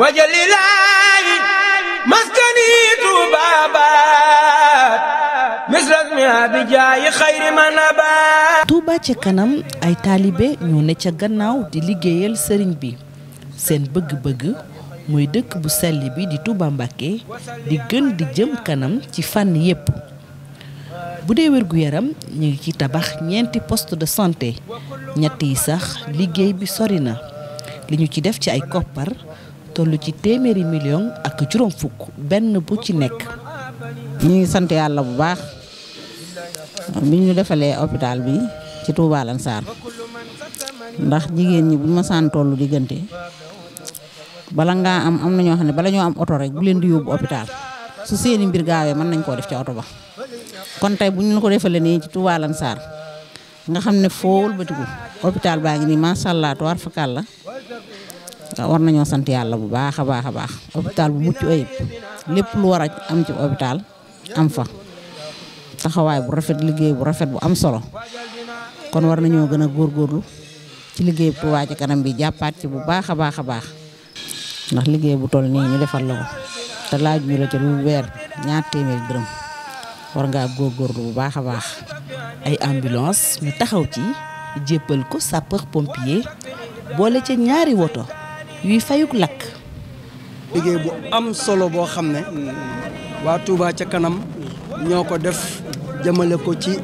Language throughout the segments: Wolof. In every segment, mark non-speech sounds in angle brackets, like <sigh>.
wajalilaayi maskani ca kanam ay taalibe ñoo ne ca gannaaw di liggéeyal sëriñ bi seen bëgg-bëgg mooy dëkk bu sell bi di Touba Mbacké di gën di jëm kanam ci fànn yépp bu dee wér yaram ñu ngi ci tabax ñeenti poste de santé ñett yi sax liggéey bi sori na li ci def ci ay koppar toll ci téeméeri million ak juróom fukk benn bu ci nekk. ñu ngi sant yàlla bu baax bi ñu defalee hôpital bi ci Touba Lansar ndax jigéen ñi bu ma saan toll diggante bala ngaa am am na ñoo xam ne bala ñoo am oto rek bu leen di yóbbu hôpital su seeni mbir gaawee mën nañ koo def ca oto ba kon tey bu ñu la ko defalee nii ci Touba nga xam ne foo wëlbatiku hôpital baa ngi nii macha allah tuwaar fakal la war nañoo sant yàlla bu baax a baax a baax hôpital bu mucc ayib lépp lu war a am ci hôpital am fa taxawaay bu rafet liggéey bu rafet bu am solo kon war nañoo gën a góor góorlu ci liggéey Touba Ca Kanam bi jàppaat ci bu baax a baax a baax ndax liggéey bu toll nii ñu defal la ko te laaj ñu la ca lu weer ñaar téeméer dërëm war ngaa góorgóorlu bu baax a baax. ay ambulance ñu taxaw ci jéppal ko sapeur pompier boole ca ñaari woto. yuy fayuk lakk. liggéey bu am solo boo xam ne waa Touba ca kanam ñoo ko def jëmale ko ci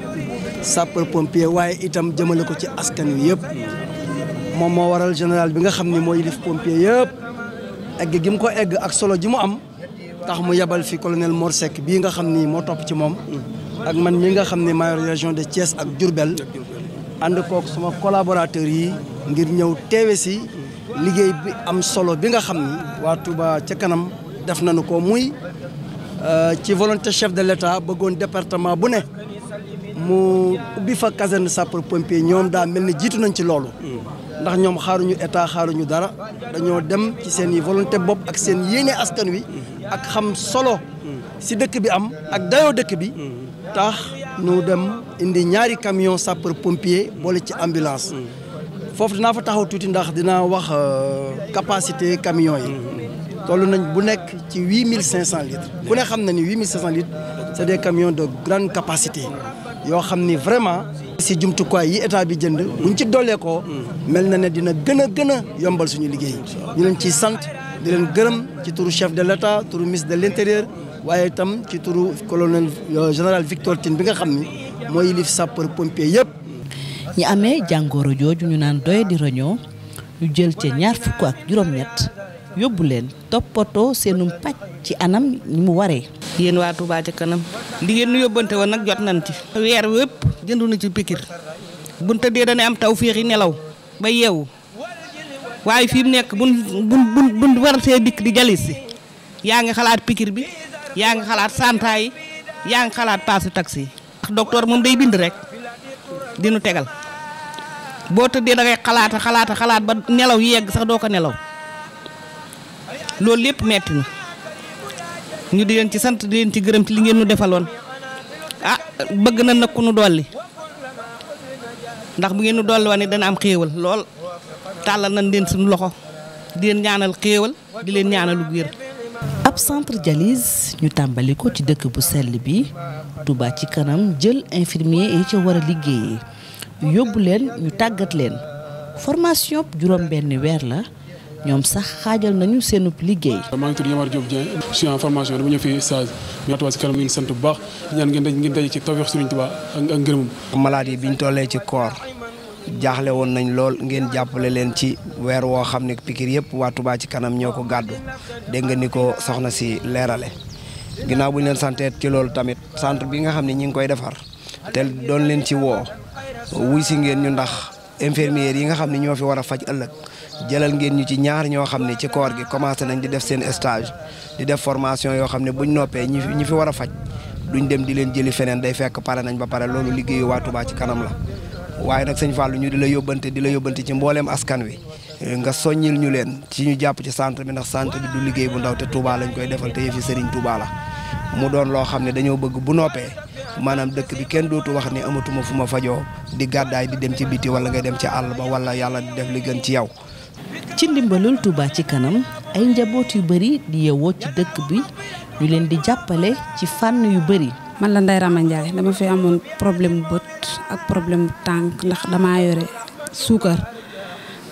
sapeur pompier waaye itam jëmale ko ci askan wi yëpp moom moo waral général bi nga xam ne mooy lif pompier yëpp egg gi mu ko egg ak solo ji mu am tax mu yebal fi colonel Mor Seck bii nga xam ni moo topp ci moom ak man mi nga xam ne mayor région de Thiès ak Diourbel ànd kook sama collaborateurs yi ngir ñëw teewe si liggéey bi am solo bi nga xam ni waa Touba ca kanam def nañu ko muy euh, ci volonté chef de l'État bëggoon département bu ne mu ubbi fa caserne sapeur pompier ñoom daa mel ni jiitu nañ ci loolu ndax ñoom xaaruñu état xaaruñu dara dañoo dem ci seen i volonté bopp ak seen yéene askan wi ak xam solo si dëkk bi am ak dayoo dëkk bi tax nu dem indi ñaari camion sapeur pompier boole ci ambulance foofu dinaa fa taxaw tuuti ndax dinaa wax euh, capacité camion yi toll nañ bu nekk ci huit mille cinq cent litres ku ne xam na ni huit mille cinq cent litres des camions de grande capacité yoo xam ni vraiment si jumtukaay yi état bi jënd buñ ci doolee ko mel na ne dina gën a gën a yombal suñu liggéey ñu leen ciy sant di leen gërëm ci turu chef de l'état turu ministre de l'intérieur waaye itam ci turu colonel euh, général Victor Tine bi nga xam ni mooy yilif sapeur pompier yëpp ñu amee jàngoro jooju ñu naan doye di roñoo ñu jël ca ñaar fukk ak juróom-ñett yóbbu leen toppatoo seenu paj ci anam ñi mu waree. yéen waa Touba ca kanam li ngeen nu yóbbante woon nag jot nañ ci. weer wëpp jëndu na ci pikir buñ dee dana am taw féexi nelaw ba yeewu waaye fi mu nekk buñ buñ buñ buñ waratee dikk di jalis si yaa ngi xalaat pikir bi yaa ngi xalaat santaay yaa ngi xalaat paasu taxi. docteur moom day bind rek dinu tegal. boo tëddee da ngay xalaata xalaata xalaat ba nelaw yegg sax doo ko nelaw loolu lépp metti na ñu di leen ci sant di leen ci gërëm ci li ngeen nu defaloon a ah, bëgg na nag ku nu dolli ndax bu ngeen nu dolli woon ne dana am xéewal lool tàllal nañ leen suñu loxo di leen ñaanal xéewal di leen ñaanalu lu wér ab centre dialyse ñu tàmbali ko ci dëkk bu sell bi Touba ci kanam jël infirmier yi ca war a liggéeyee yóbbu leen ñu tàggat leen formation juróom benn weer la ñoom sax xaajal nañu seenub liggéey. maa ngi tudd Yamar Diop Dieng je suis en formation dama ñëw fii stage ñu Touba Ca Kanam ñu ngi sant bu baax ñaan ngeen daj ngeen yi bi ñu tollee ci koor jaaxle woon nañ lool ngeen jàppale leen ci weer woo xam ne pikir yëpp waa Touba Ca Kanam ñoo ko gàddu dégg nga ni ko soxna si leerale ginnaaw bu ñu leen santeet ci loolu tamit centre bi nga xam ne ñi ngi koy defar te doon leen ci woo. wuy si ngeen ñu ndax infirmières yi nga xam ne ñoo fi war a faj ëllëg jëlal ngeen ñu ci ñaar ñoo xam ne ci koor gi commencé nañ di def seen estage di def formation yoo xam ne buñ noppee ñu fi ñi war a faj duñ dem di leen jëli feneen day fekk pare nañ ba pare loolu liggéeyu waa Touba ci kanam la. waaye nag sëñ Fallou ñu di la yóbbante di la yóbbante ci mbooleem askan wi nga soññil ñu leen ci ñu jàpp ci centre bi ndax centre bi du liggéey bu ndaw te Touba lañ koy defal te yëfi Serigne Touba mu doon loo xam ne dañoo bëgg bu noppee maanaam dëkk bi kenn dootu wax ni amatuma fu ma fajoo di gàddaay di dem ci biti wala ngay dem ci àll ba wala yàlla di def li gën ci yow. ci ndimbalul Touba ci kanam ay njaboot yu bari di yeewoo ci dëkk bi ñu leen di jàppale ci fànn yu bëri. man la Ndeye Rama Ndiaye dama fi amoon problème bët ak problème tànk ndax dama yore suukar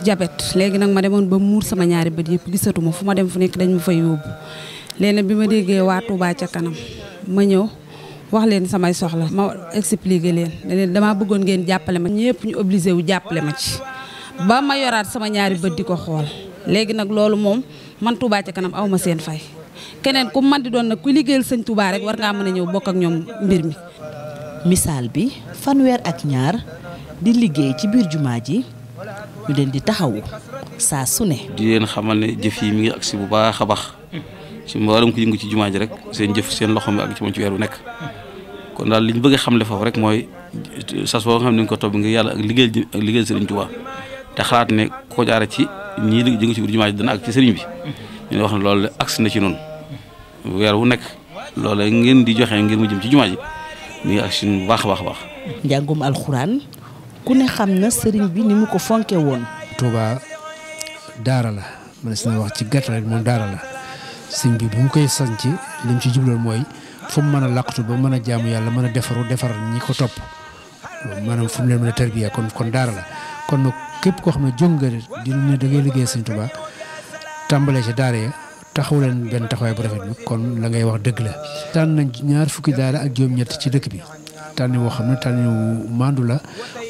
jabet léegi nag ma demoon ba muur sama ñaari bët yëpp gisatuma fu ma dem fu nekk dañ ma fa yóbbu léegi bi ma déggee waa ca kanam ma ñëw. wax leen samay soxla ma expliqué leen ne leen damaa bëggoon ngeen jàppale ma ñëpp ñu obligé wu jàppale ma ci ba ma yoraat sama ñaari bët di ko xool léegi nag loolu moom man Touba ca kanam aw ma seen fay keneen ku man di doon nag ku liggéeyal sañ Touba rek war ngaa mën a ñëw bokk ak ñoom mbir mi misaal bi fanweer ak ñaar di liggéey ci biir jumaa ji ñu leen di taxawu saa su ne di leen xamal ne jëf yi mi ngi agsi bu baax a baax ci mboolem ko yëngu ci jumaa ji rek seen jëf seen loxo mi ak ci moom ci weer wu nekk kon daal li ñu bëgg a xamle foofu rek mooy sas boo xam ne ko topp nga yàlla ak liggéeyal ji ak liggéeyal Sëriñ te xalaat ne ko jaare ci ñii li jëngu ci biir jumaa ji dana ak ci sëriñ bi ñu wax ne loolu la si na ci noonu weer wu nekk loolu ngeen di joxe ngir mu jëm ci jumaa ji mi ngi agsi bu baax a baax baax njàngum alxuraan ku ne xam na sëriñ bi ni mu ko fonke woon Tuubaa daara la man si na wax ci gàtt rek moom daara la sëñ bi bi mu koy sanc li mu ci jubloon mooy fu mu mën a làqatu ba mën a jaamu yàlla mën a defaru defar ñi ko topp maanaam fu mu leen mën a tarbiya kon kon daara la kon nag képp koo xam ne jóg nga di ne da ngay liggéey sëñ Tuubaa tàmbalee ci daara ya taxaw leen benn taxawaay bu rafet bi kon la ngay wax dëgg la. tànn nañ ñaar fukki daara ak juróom-ñett ci dëkk bi tànn woo xam ne tànn wu maandu la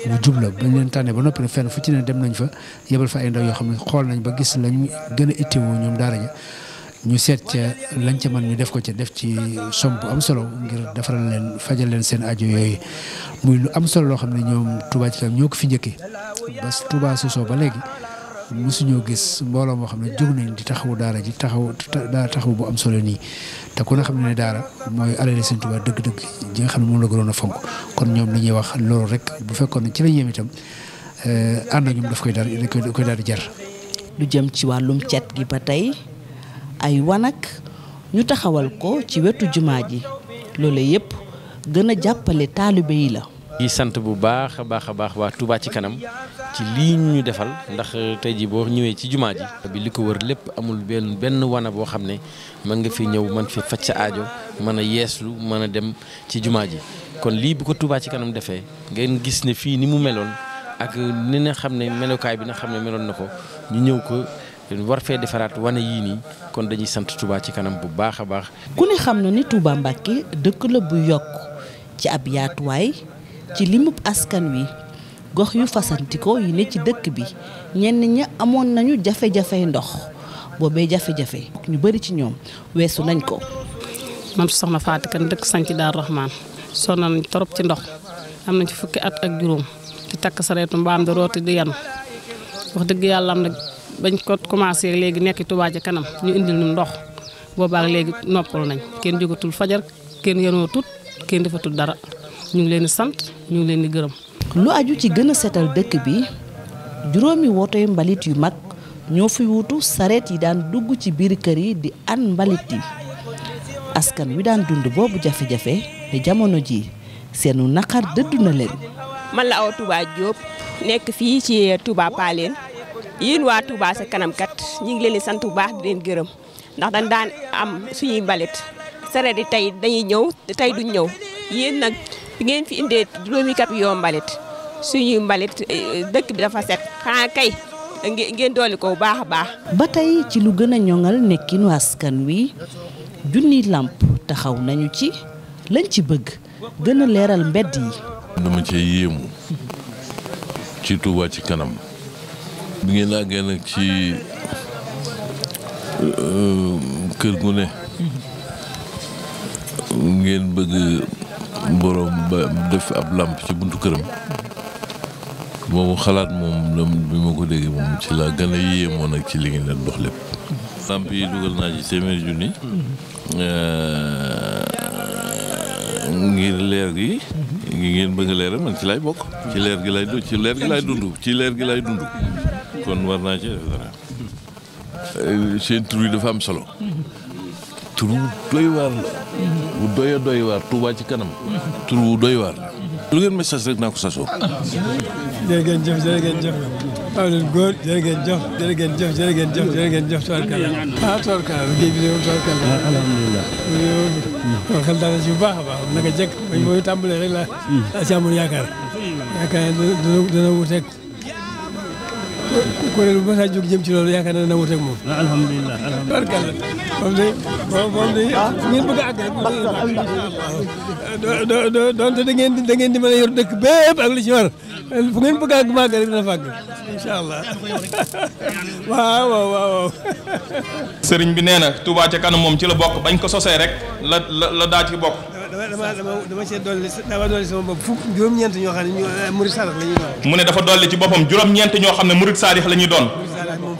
bu jub la bañ leen tànnee ba noppi ne fenn fu ci ne dem nañ fa yebal fa ay ndaw yoo xam ne xool nañ ba gis lañ gën a ittewoo ñoom daara ñu seet ca lañ ca mën ñu def ko ca def ci somme bu am solo ngir defaral leen fajal leen seen aajo yooyu muy lu am solo loo xam ne ñoom Touba ci kanam ñoo ko fi njëkkee ba Touba ba léegi mosuñoo gis mbooloo moo xam ne jóg nañ di taxawu daara ji taxaw daara taxaw bu am solo nii te ku ne xam ne daara mooy alali seen Touba dëgg ji nga xam ne moom la gënoon a fonk kon ñoom li ñuy wax loolu rek bu fekkoon ne ci la yem itam eh, ànd ak ñoom daf koy daal di koy daal di jar. lu jëm ci wàllum cet gi ba tey. ay wanag ñu taxawal ko ci wetu jumaa ji loole yépp gën a jàppale taalibe yi la. yi sant bu baax a baax a baax waa Touba ci kanam ci lii ñu defal ndax tey jii boo ñëwee ci jumaa ji. bi li ko wër lépp amul benn benn wana boo xam ne mën nga fi ñëw mën fi faj sa aajo mën a yeeslu mën a dem ci jumaa ji kon lii bu ko Touba ci kanam defee ngeen gis ne fii ni mu meloon ak ni nga xam ne melokaay bi nga xam ne meloon na ko ñu ñëw ko. war fee defaraat wane yii nii kon dañuy sant Touba ci kanam bu baax a baax. ku ne xam na ni Touba Mbacké dëkk la buy yokk ci ab yaatuwaay ci limub askan wi gox yu fasantikoo yi ne ci dëkk bi ñenn ñi amoon nañu jafe-jafey ndox boobee jafe-jafe. ñu bari ci ñoom weesu nañ ko. man soxna Fatou kan dëkk sanc Daaru Rahman sonal nañ torop ci ndox am nañ ci fukki at ak juróom di takk sareetu mbaam di rooti di yanu wax dëgg yàlla am na bañ ko commencé léegi nekk Touba kanam ñu indi ñu ndox boobaak léegi noppal nañ kenn jógatul fajar kenn yenoo tut kenn defatul dara ñu ngi leen sant ñu ngi leen di gërëm. lu aju ci gën a seetal dëkk bi juróomi wootey mbalit yu mag ñoo fi wuutu sareet yi daan dugg ci biir kër yi di an mbalit yi askan wi daan dund boobu jafe-jafe te jamono ji seenu naqar dëddu na leen. man la aw Touba Diop nekk fii ci Touba Paleen. yéen waa Touba ca kanam kat ngi leen sant bu baax di leen gërëm ndax dañ daan am suñuy mbalit sareet yi tey dañuy ñëw tey duñ ñëw yéen nag bi ngeen fi indee juróomi kat yoo mbalit suñuy mbalit eh, dëkk bi dafa set xanaa kay ngeen dooli ko bu baax a baax. ba tey ci lu gën a ñoŋal nekkinu askan wi junni làmp taxaw nañu ci lañ ci bëgg gën a leeral mbedd yi. ci Touba ci kanam. bi ngeen àggee nag ci euh, kër gu ne ngeen bëgg borom ba def ab làmp ci buntu këram boobu xalaat moom bi ma ko déggee moom ci laa gën a yéemoon ak ci li ngeen dox lépp làmp yi dugal naa ci téeméeri junni ngir leer gi ngi ngeen bëgg leeram ak ci laay bokk ci leer gi lay dund ci leer gi lay dund ci leer gi lay dund kon war naa ci def dara. Euh, seen tur yi dafa am solo. tur wu doy waar la. bu doy a doy waar Touba ci kanam. tur wu doy waar la. lu ngeen message rek naa ko sasoo. jërë ngeen jëf jërë ngeen jëf. waaw leen góor jërë ngeen jëf jërë ngeen jëf jërë ngeen jëf jërë ngeen jëf tubaarkàlla ah tubaarkàlla géej bi moom tubaarkàlla ah, alhamdulilah kon xel daal ci bu baax a baax naka jëkk mooy tàmbalee rek la si amoon yaakaar yaakaar dana wuteeg kuréel bu mos a jóg jëm ci loolu yaakaar naa ne wut moom. alhamdulilah alhamdulilah. moom de moom de ah ngeen bëgg ah, da ngeen di da ngeen di mën a yor dëkk bépp ak li ci war fu ngeen bëgg a àgg màgg rek dina fàgg incha allah <laughs> waaw waaw waaw. sëriñ bi nee na Touba ca kanam moom ci la bokk bañ ko sosee rek la la la daa ci bokk. dama dama dama cee sama bopp fukk juróom-ñeent ñoo xam ne ñu eh, murid sarax doon. mu ne moom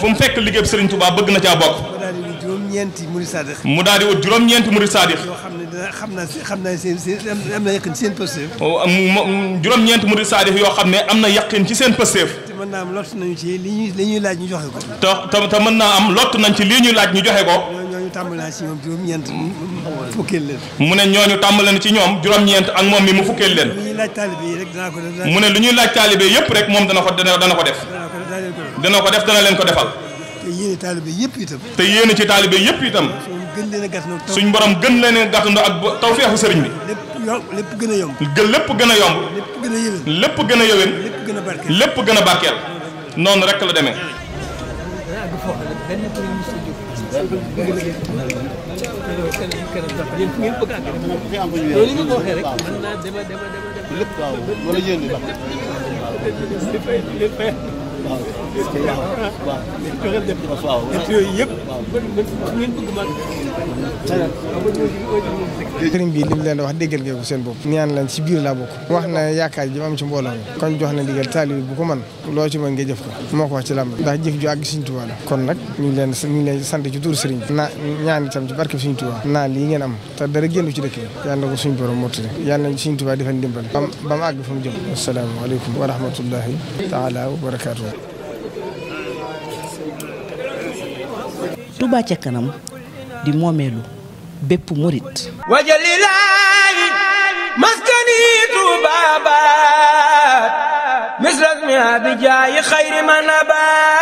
fu mu fekk liggéey Serigne Touba bëgg bëgg na caa bokk. mu daal wut juróom-ñeenti murid sarax. yoo xam ne juróom-ñeenti murid sarax yoo xam ne am na yaqin ci seen pësteef. te naa am lott nañu ci li ñuy laaj ñu joxe ko. te te mën naa am lott nañ ci lii ñuy laaj ñu joxe ko mu ne ñooñu tàmbale na ci ñoom juróom-ñeent ak moom mi mu fukkeel leen. mu ne lu ñuy laaj taalibe yëpp rek moom dana ko dana ko def. dana ko def dana leen ko defal. te yéene yëpp itam. te yéene ci taalibe yëpp itam. suñ borom gën leen a gàttandoo ak tawfeexu sëriñ bi. lépp gën a yomb. lépp gën a yomb. lépp gën a yëwén. lépp gën a barkeel. noonu rek la demee. lépp waaw loolu yéen waaw est ce que waaw waaw. coxéel def na waaw yooyu li mu leen di wax déggal ngeen ko bopp. ñaan leen ci biir laa bokk. wax na yaakaar ji am ci mbooloo mi. kon jox na ndigal taalibe bu ko man loo ci mën nga jëf ko. moo ko wax ci làmb ndax jëf ju àgg Sëriñ Tuubaa la. kon nag ñu ngi leen ñu ngi leen sant ci tuur sëriñ na ñaan itam ci barke Sëriñ Tuubaa. naa lii ngeen am te dara génn ci dëkk yi. yàlla na ko suñu borom mottali. yàlla na Sëriñ Tuubaa defal ndimbal. ba mu àgg fa mu jëm. asalaamaaleykum wa rahmatullahi taala wa Touba ca kanam di moomeelu bépp murit wajalilaayi maskani Touba baat misras mi abijaayi xayri ma nabaat